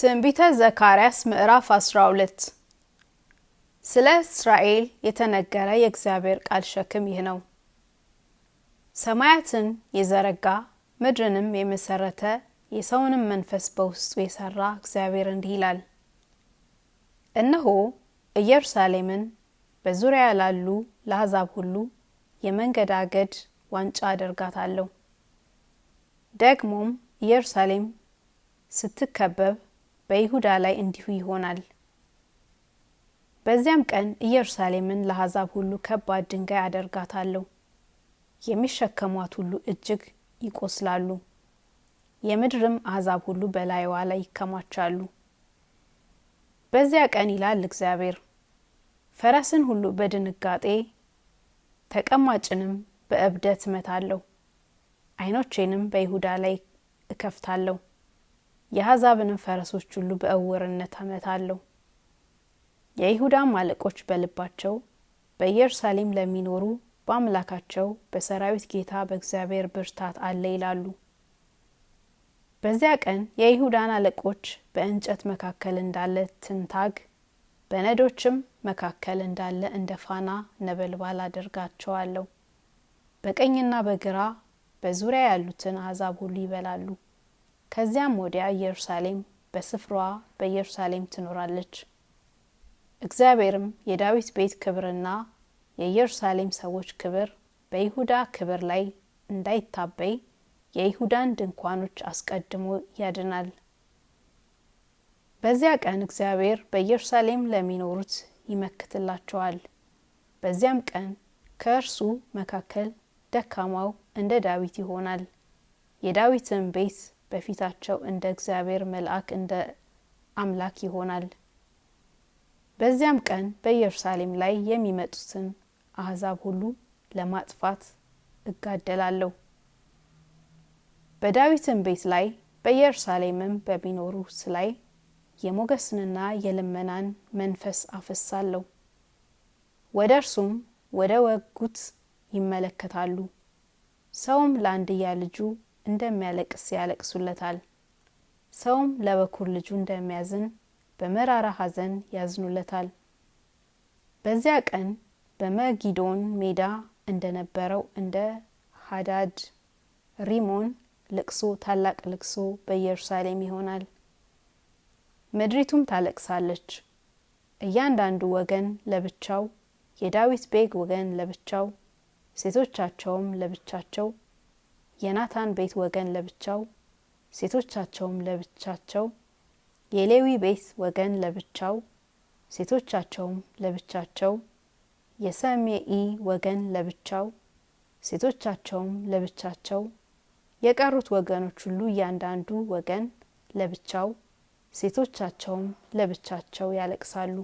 ትንቢተ ዘካርያስ ምዕራፍ 12 ስለ እስራኤል የተነገረ የእግዚአብሔር ቃል ሸክም ይህ ነው። ሰማያትን የዘረጋ ምድርንም የመሰረተ የሰውንም መንፈስ በውስጡ የሰራ እግዚአብሔር እንዲህ ይላል፣ እነሆ ኢየሩሳሌምን በዙሪያ ላሉ ለአሕዛብ ሁሉ የመንገዳገድ ዋንጫ አደርጋታለሁ። ደግሞም ኢየሩሳሌም ስትከበብ በይሁዳ ላይ እንዲሁ ይሆናል። በዚያም ቀን ኢየሩሳሌምን ለአሕዛብ ሁሉ ከባድ ድንጋይ አደርጋታለሁ። የሚሸከሟት ሁሉ እጅግ ይቆስላሉ፣ የምድርም አሕዛብ ሁሉ በላይዋ ላይ ይከማቻሉ። በዚያ ቀን ይላል እግዚአብሔር፣ ፈረስን ሁሉ በድንጋጤ ተቀማጭንም በእብደት እመታለሁ፣ አይኖቼንም በይሁዳ ላይ እከፍታለሁ። የአሕዛብንም ፈረሶች ሁሉ በእውርነት አመታለሁ። የይሁዳም አለቆች በልባቸው በኢየሩሳሌም ለሚኖሩ በአምላካቸው በሰራዊት ጌታ በእግዚአብሔር ብርታት አለ ይላሉ። በዚያ ቀን የይሁዳን አለቆች በእንጨት መካከል እንዳለ ትንታግ፣ በነዶችም መካከል እንዳለ እንደ ፋና ነበልባል አደርጋቸዋለሁ። በቀኝና በግራ በዙሪያ ያሉትን አሕዛብ ሁሉ ይበላሉ። ከዚያም ወዲያ ኢየሩሳሌም በስፍራዋ በኢየሩሳሌም ትኖራለች። እግዚአብሔርም የዳዊት ቤት ክብርና የኢየሩሳሌም ሰዎች ክብር በይሁዳ ክብር ላይ እንዳይታበይ የይሁዳን ድንኳኖች አስቀድሞ ያድናል። በዚያ ቀን እግዚአብሔር በኢየሩሳሌም ለሚኖሩት ይመክትላቸዋል። በዚያም ቀን ከእርሱ መካከል ደካማው እንደ ዳዊት ይሆናል፣ የዳዊትን ቤት በፊታቸው እንደ እግዚአብሔር መልአክ እንደ አምላክ ይሆናል። በዚያም ቀን በኢየሩሳሌም ላይ የሚመጡትን አህዛብ ሁሉ ለማጥፋት እጋደላለሁ። በዳዊትን ቤት ላይ በኢየሩሳሌምም በሚኖሩት ላይ የሞገስንና የልመናን መንፈስ አፈሳለሁ። ወደ እርሱም ወደ ወጉት ይመለከታሉ። ሰውም ለአንድያ ልጁ እንደሚያለቅስ ያለቅሱለታል። ሰውም ለበኩር ልጁ እንደሚያዝን በመራራ ሐዘን ያዝኑለታል። በዚያ ቀን በመጊዶን ሜዳ እንደነበረው እንደ ሀዳድ ሪሞን ልቅሶ ታላቅ ልቅሶ በኢየሩሳሌም ይሆናል። ምድሪቱም ታለቅሳለች። እያንዳንዱ ወገን ለብቻው፣ የዳዊት ቤግ ወገን ለብቻው፣ ሴቶቻቸውም ለብቻቸው የናታን ቤት ወገን ለብቻው፣ ሴቶቻቸውም ለብቻቸው፣ የሌዊ ቤት ወገን ለብቻው፣ ሴቶቻቸውም ለብቻቸው፣ የሰሜኢ ወገን ለብቻው፣ ሴቶቻቸውም ለብቻቸው፣ የቀሩት ወገኖች ሁሉ እያንዳንዱ ወገን ለብቻው፣ ሴቶቻቸውም ለብቻቸው ያለቅሳሉ።